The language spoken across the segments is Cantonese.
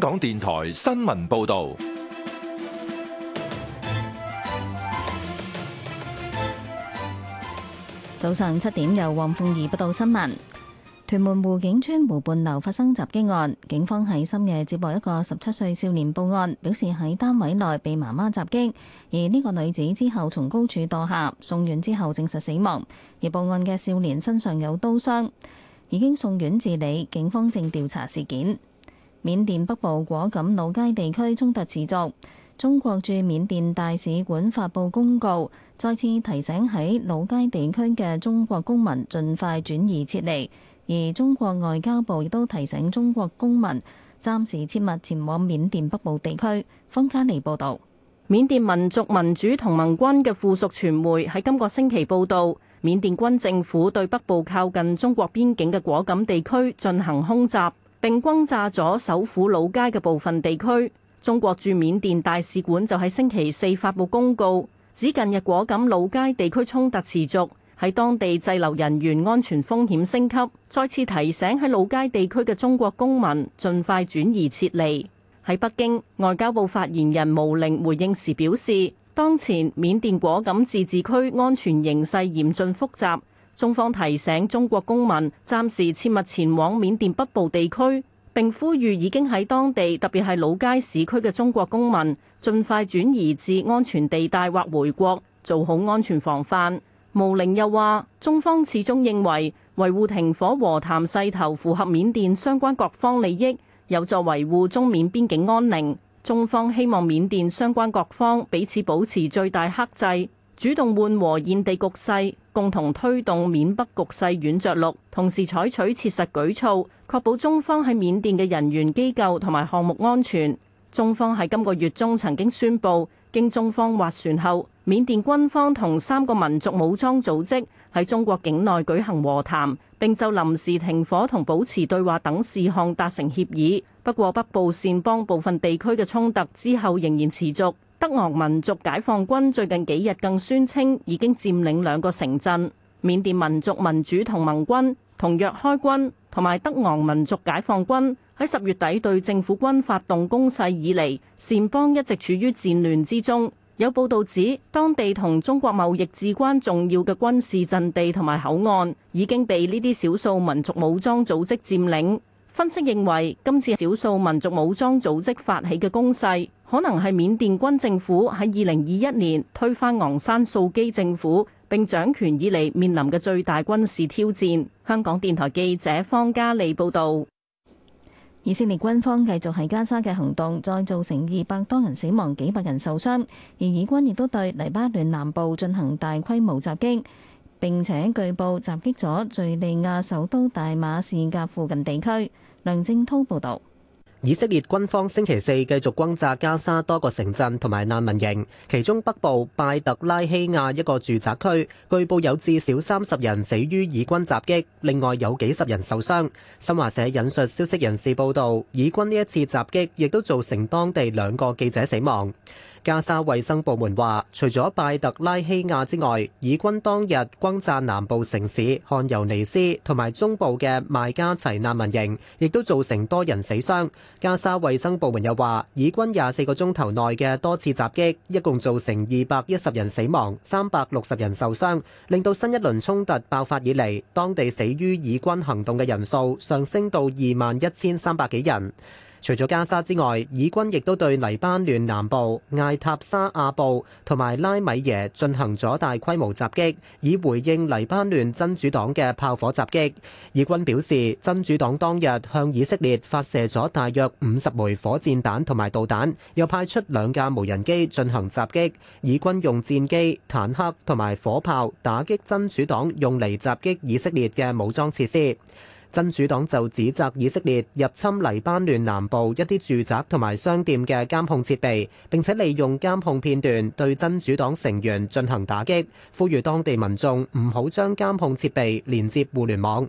港電台新聞報道：早上七點由汪鳳儀報道新聞。屯門湖景村湖畔樓發生襲擊案，警方喺深夜接獲一個十七歲少年報案，表示喺單位內被媽媽襲擊，而呢個女子之後從高處墮下，送院之後證實死亡。而報案嘅少年身上有刀傷，已經送院治理，警方正調查事件。緬甸北部果敢老街地區衝突持續，中國駐緬甸大使館發布公告，再次提醒喺老街地區嘅中國公民盡快轉移撤離，而中國外交部亦都提醒中國公民暫時切勿前往緬甸北部地區。方家妮報道，緬甸民族民主同盟軍嘅附屬傳媒喺今個星期報道，緬甸軍政府對北部靠近中國邊境嘅果敢地區進行空襲。並轟炸咗首府老街嘅部分地區。中國駐緬甸大使館就喺星期四發布公告，指近日果敢老街地區衝突持續，喺當地滯留人員安全風險升級，再次提醒喺老街地區嘅中國公民盡快轉移撤離。喺北京，外交部發言人毛寧回應時表示，當前緬甸果敢自治區安全形勢嚴峻複雜。中方提醒中國公民暫時切勿前往緬甸北部地區，並呼籲已經喺當地，特別係老街市區嘅中國公民，盡快轉移至安全地帶或回國，做好安全防範。毛寧又話中方始終認為維護停火和談勢頭符合緬甸相關各方利益，有助維護中緬邊境安寧，中方希望緬甸相關各方彼此保持最大克制。主動緩和現地局勢，共同推動緬北局勢軟着陸，同時採取切實舉措，確保中方喺緬甸嘅人員、機構同埋項目安全。中方喺今個月中曾經宣布，經中方斡旋後，緬甸軍方同三個民族武裝組織喺中國境內舉行和談，並就臨時停火同保持對話等事項達成協議。不過，北部撣邦部分地區嘅衝突之後仍然持續。德昂民族解放軍最近幾日更宣稱已經佔領兩個城鎮，緬甸民族民主同盟軍同若開軍同埋德昂民族解放軍喺十月底對政府軍發動攻勢以嚟，善邦一直處於戰亂之中。有報道指，當地同中國貿易至關重要嘅軍事陣地同埋口岸已經被呢啲少數民族武裝組織佔領，分析認為今次少數民族武裝組織發起嘅攻勢。可能係緬甸軍政府喺二零二一年推翻昂山素基政府並掌權以嚟面臨嘅最大軍事挑戰。香港電台記者方嘉利報導。以色列軍方繼續喺加沙嘅行動，再造成二百多人死亡、幾百人受傷，而以軍亦都對黎巴嫩南部進行大規模襲擊。並且據報襲擊咗敍利亞首都大馬士革附近地區。梁正滔報導。以色列軍方星期四繼續轟炸加沙多個城鎮同埋難民營，其中北部拜特拉希亞一個住宅區，據報有至少三十人死於以軍襲擊，另外有幾十人受傷。新華社引述消息人士報道，以軍呢一次襲擊亦都造成當地兩個記者死亡。加沙衛生部門話，除咗拜特拉希亞之外，以軍當日轟炸南部城市漢尤尼斯同埋中部嘅邁加齊難民營，亦都造成多人死傷。加沙衛生部門又話，以軍廿四個鐘頭內嘅多次襲擊，一共造成二百一十人死亡、三百六十人受傷，令到新一輪衝突爆發以嚟，當地死於以軍行動嘅人數上升到二萬一千三百幾人。除咗加沙之外，以軍亦都對黎巴嫩南部艾塔沙亞部同埋拉米耶進行咗大規模襲擊，以回應黎巴嫩真主黨嘅炮火襲擊。以軍表示，真主黨當日向以色列發射咗大約五十枚火箭彈同埋導彈，又派出兩架無人機進行襲擊。以軍用戰機、坦克同埋火炮打擊真主黨用嚟襲擊以色列嘅武裝設施。真主黨就指責以色列入侵黎巴嫩南部一啲住宅同埋商店嘅監控設備，並且利用監控片段對真主黨成員進行打擊，呼籲當地民眾唔好將監控設備連接互聯網。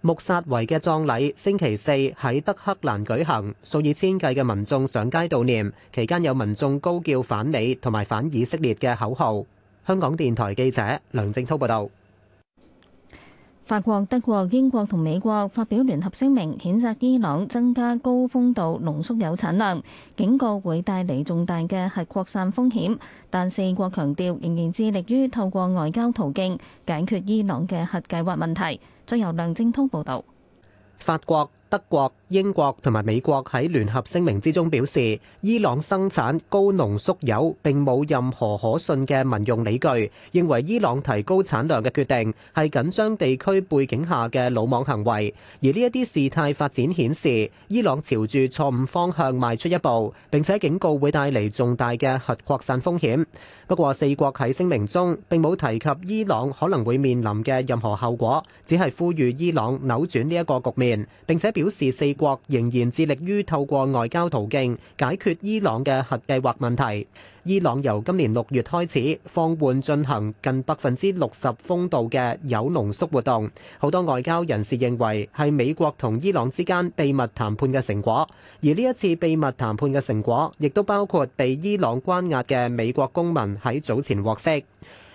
穆薩維嘅葬禮星期四喺德黑蘭舉行，數以千計嘅民眾上街悼念，期間有民眾高叫反美同埋反以色列嘅口號。香港電台記者梁正濤報道。法國、德國、英國同美國發表聯合聲明，譴責伊朗增加高豐度濃縮鈾產量，警告會帶嚟重大嘅核擴散風險。但四國強調，仍然致力於透過外交途徑解決伊朗嘅核計劃問題。再由梁正滔報道，法國。德國、英國同埋美國喺聯合聲明之中表示，伊朗生產高濃縮鈾並冇任何可信嘅民用理據，認為伊朗提高產量嘅決定係緊張地區背景下嘅魯莽行為。而呢一啲事態發展顯示，伊朗朝住錯誤方向邁出一步，並且警告會帶嚟重大嘅核擴散風險。不過，四國喺聲明中並冇提及伊朗可能會面臨嘅任何後果，只係呼籲伊朗扭轉呢一個局面，並且，表示四國仍然致力於透過外交途徑解決伊朗嘅核計劃問題。伊朗由今年六月開始放緩進行近百分之六十豐度嘅鈾濃縮活動，好多外交人士認為係美國同伊朗之間秘密談判嘅成果，而呢一次秘密談判嘅成果亦都包括被伊朗關押嘅美國公民喺早前獲釋。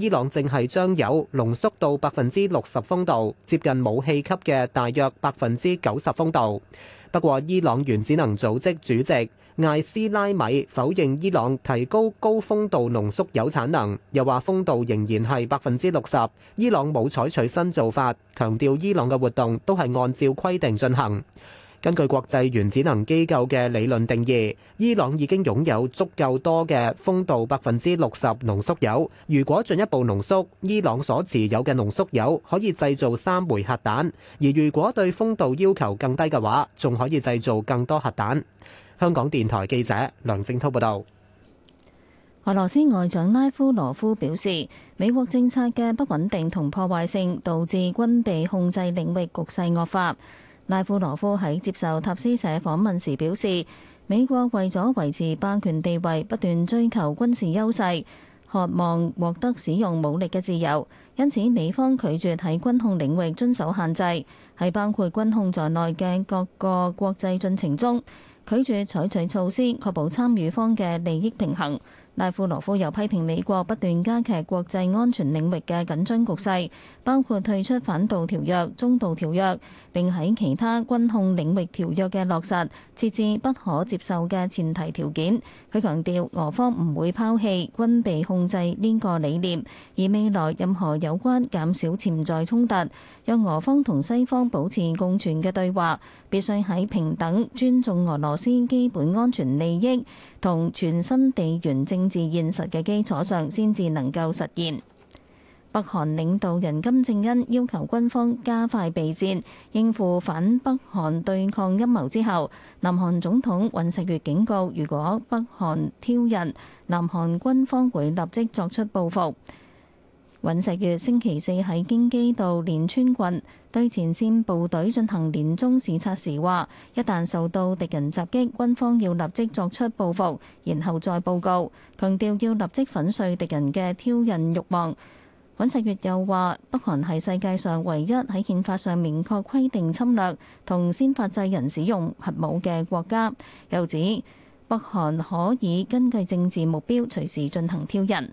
伊朗正係將鈾濃縮到百分之六十豐度，接近武器級嘅大約百分之九十豐度。不過，伊朗原子能組織主席艾斯拉米否認伊朗提高高豐度濃縮鈾產能，又話豐度仍然係百分之六十。伊朗冇採取新做法，強調伊朗嘅活動都係按照規定進行。根據國際原子能機構嘅理論定義，伊朗已經擁有足夠多嘅豐度百分之六十濃縮油，如果進一步濃縮，伊朗所持有嘅濃縮油可以製造三枚核彈，而如果對豐度要求更低嘅話，仲可以製造更多核彈。香港電台記者梁正滔報道。俄羅斯外長拉夫羅夫表示，美國政策嘅不穩定同破壞性導致軍備控制領域局勢惡化拉夫羅夫喺接受塔斯社訪問時表示，美國為咗維持霸權地位，不斷追求軍事優勢，渴望獲得使用武力嘅自由，因此美方拒絕喺軍控領域遵守限制，喺包括軍控在內嘅各個國際進程中，拒絕採取措施，確保參與方嘅利益平衡。拉夫羅夫又批評美國不斷加劇國際安全領域嘅緊張局勢，包括退出反導條約、中導條約，並喺其他軍控領域條約嘅落實設置不可接受嘅前提條件。佢強調俄方唔會拋棄軍備控制呢個理念，而未來任何有關減少潛在衝突、讓俄方同西方保持共存嘅對話，必須喺平等、尊重俄羅斯基本安全利益同全新地緣政。至現實嘅基礎上，先至能夠實現。北韓領導人金正恩要求軍方加快備戰，應付反北韓對抗陰謀之後，南韓總統尹錫悅警告，如果北韓挑釁，南韓軍方會立即作出報復。尹錫悅星期四喺京畿道連川郡對前線部隊進行年終視察時話：一旦受到敵人襲擊，軍方要立即作出報復，然後再報告。強調要立即粉碎敵人嘅挑釁欲望。尹錫悅又話：北韓係世界上唯一喺憲法上明確規定侵略同先發制人使用核武嘅國家。又指北韓可以根據政治目標隨時進行挑釁。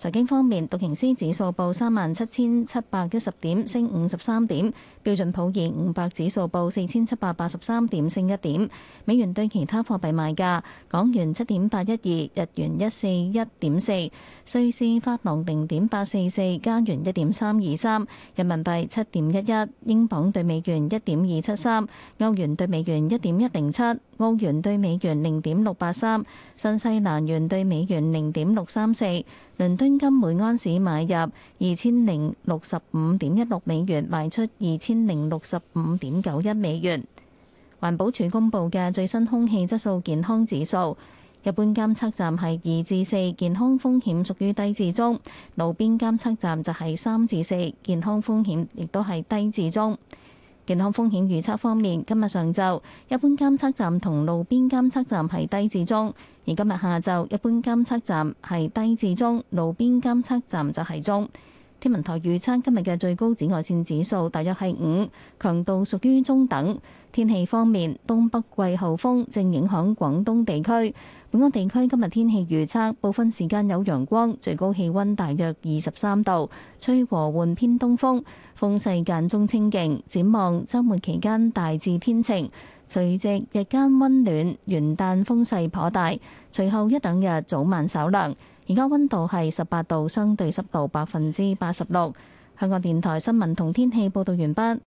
財經方面，道瓊斯指數報三萬七千七百一十點，升五十三點；標準普爾五百指數報四千七百八十三點，升一點。美元對其他貨幣賣價：港元七點八一二，日元一四一點四，瑞士法郎零點八四四，加元一點三二三，人民幣七點一一，英鎊對美元一點二七三，歐元對美元一點一零七，澳元對美元零點六八三，新西蘭元對美元零點六三四。倫敦金每安士買入二千零六十五點一六美元，賣出二千零六十五點九一美元。環保署公布嘅最新空氣質素健康指數，一般監測站係二至四，健康風險屬於低至中；路邊監測站就係三至四，健康風險亦都係低至中。健康風險預測方面，今日上晝一般監測站同路邊監測站係低至中，而今日下晝一般監測站係低至中，路邊監測站就係中。天文台預測今日嘅最高紫外線指數大約係五，強度屬於中等。天氣方面，東北季候風正影響廣東地區。本港地區今日天氣預測，部分時間有陽光，最高氣温大約二十三度，吹和緩偏東風，風勢間中清勁。展望周末期間大致天晴，隨即日間温暖，元旦風勢頗大，隨後一兩日早晚稍涼。而家溫度係十八度，相對濕度百分之八十六。香港電台新聞同天氣報道完畢。